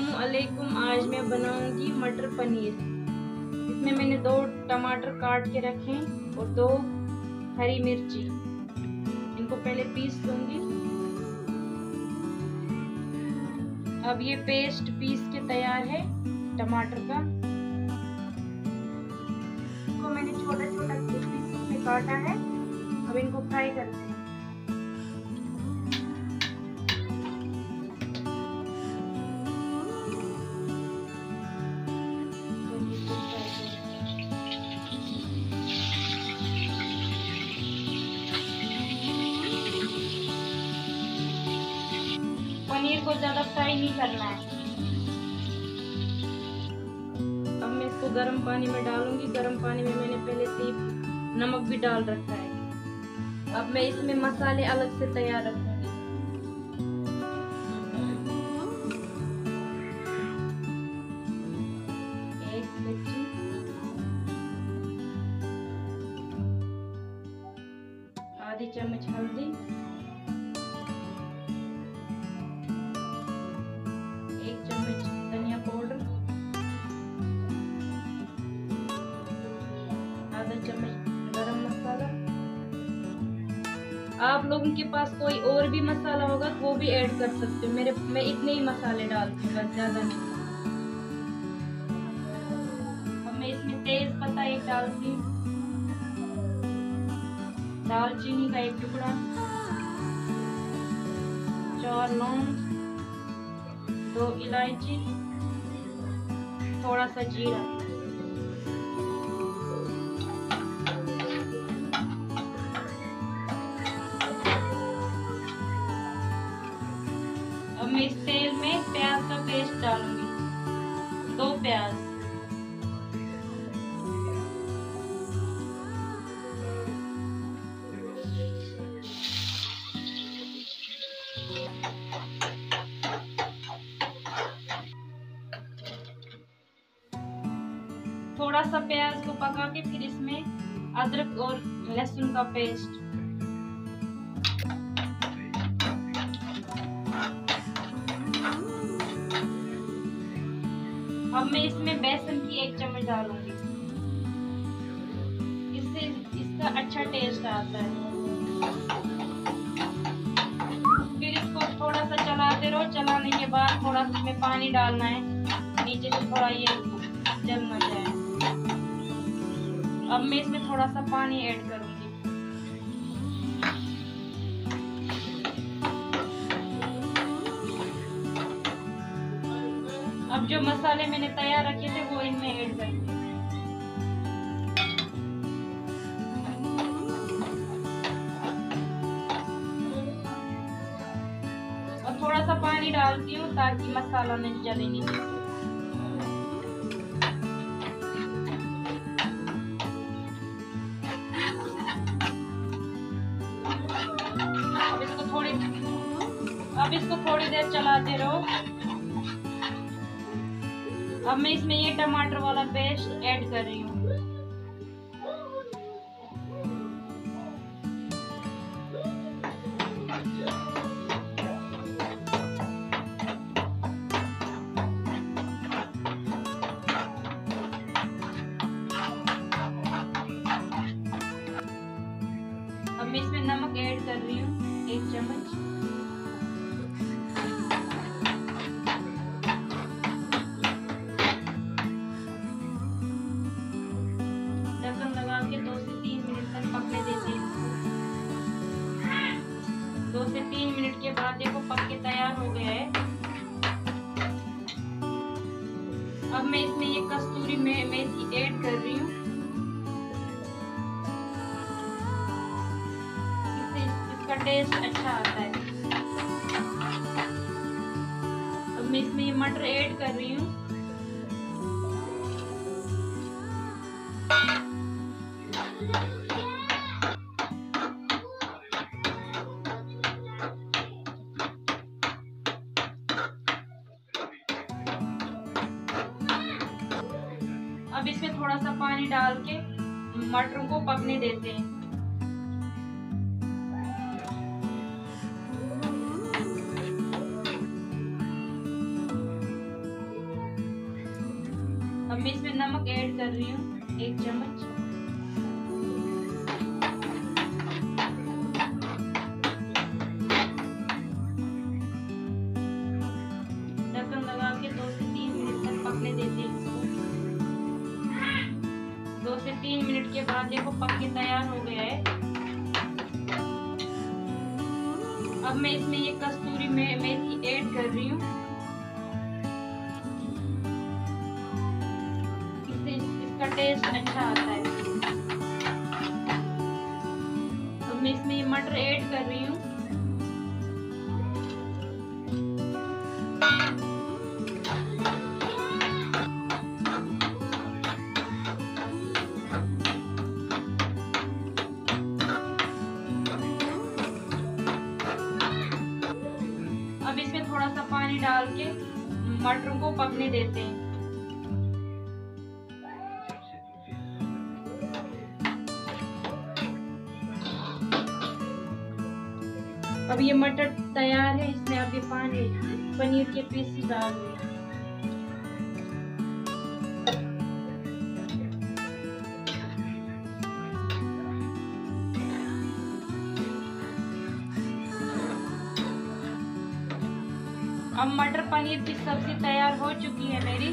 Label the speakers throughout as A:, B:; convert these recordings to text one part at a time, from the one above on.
A: असलकुम आज मैं बनाऊंगी मटर पनीर इसमें मैंने दो टमाटर काट के रखे और दो हरी मिर्ची इनको पहले पीस लूंगी अब ये पेस्ट पीस के तैयार है टमाटर का इसको मैंने छोटा छोटा पीस में काटा है अब इनको फ्राई करते हैं पनीर को ज़्यादा फ्राई नहीं करना है अब मैं इसको गर्म पानी में डालूंगी गर्म पानी में मैंने पहले से नमक भी डाल रखा है अब मैं इसमें मसाले अलग से तैयार रखा आप लोगों के पास कोई और भी मसाला होगा तो वो भी ऐड कर सकते हो मेरे मैं इतने ही मसाले डालती हूँ बस ज़्यादा नहीं और मैं इसमें तेज पत्ता एक डालती हूँ दालचीनी का एक टुकड़ा चार लौंग दो इलायची थोड़ा सा जीरा मैं इस तेल में प्याज का पेस्ट डालूंगी दो प्याज थोड़ा सा प्याज को पका के फिर इसमें अदरक और लहसुन का पेस्ट मैं इसमें बेसन की एक चम्मच डालूंगी इससे इसका अच्छा टेस्ट आता है फिर इसको थोड़ा सा चलाते रहो चलाने के बाद थोड़ा सा इसमें पानी डालना है नीचे से थोड़ा ये जल ना जाए अब मैं इसमें थोड़ा सा पानी ऐड करूँगी मसाले मैंने तैयार रखे थे वो इनमें ऐड करेंगे और थोड़ा सा पानी डालती हूँ ताकि मसाला नहीं जले नहीं अब इसको थोड़ी देर चलाते रहो अब मैं इसमें ये टमाटर वाला पेस्ट ऐड कर रही हूँ अब मैं इसमें नमक ऐड कर रही हूँ दो से तीन मिनट के बाद देखो पक के तैयार हो गया है अब मैं इसमें ये कस्तूरी में मेथी ऐड कर रही हूँ इसका टेस्ट अच्छा आता है अब मैं इसमें ये मटर ऐड कर रही हूँ इसमें थोड़ा सा पानी डाल के मटरों को पकने देते हैं अब मैं इसमें नमक ऐड कर रही हूँ एक चम्मच से तीन मिनट के बाद देखो पक के तैयार हो गया है अब मैं इसमें ये कस्तूरी में मेथी ऐड कर रही हूँ इससे इसका टेस्ट अच्छा आता है अब मैं इसमें ये मटर ऐड कर रही हूँ डाल के मटरों को पकने देते हैं अब ये मटर तैयार है इसमें अभी ये पानी पनीर के पीस डाल दिए अब मटर पनीर की सब्जी तैयार हो चुकी है मेरी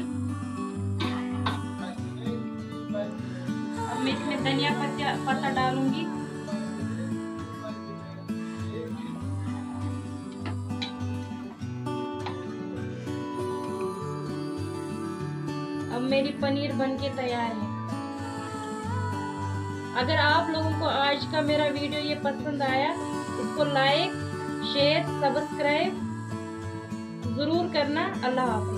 A: अब मैं इसमें धनिया पत्ता डालूंगी अब मेरी पनीर बनके तैयार है अगर आप लोगों को आज का मेरा वीडियो ये पसंद आया इसको लाइक शेयर सब्सक्राइब ज़रूर करना अल्लाह हाफि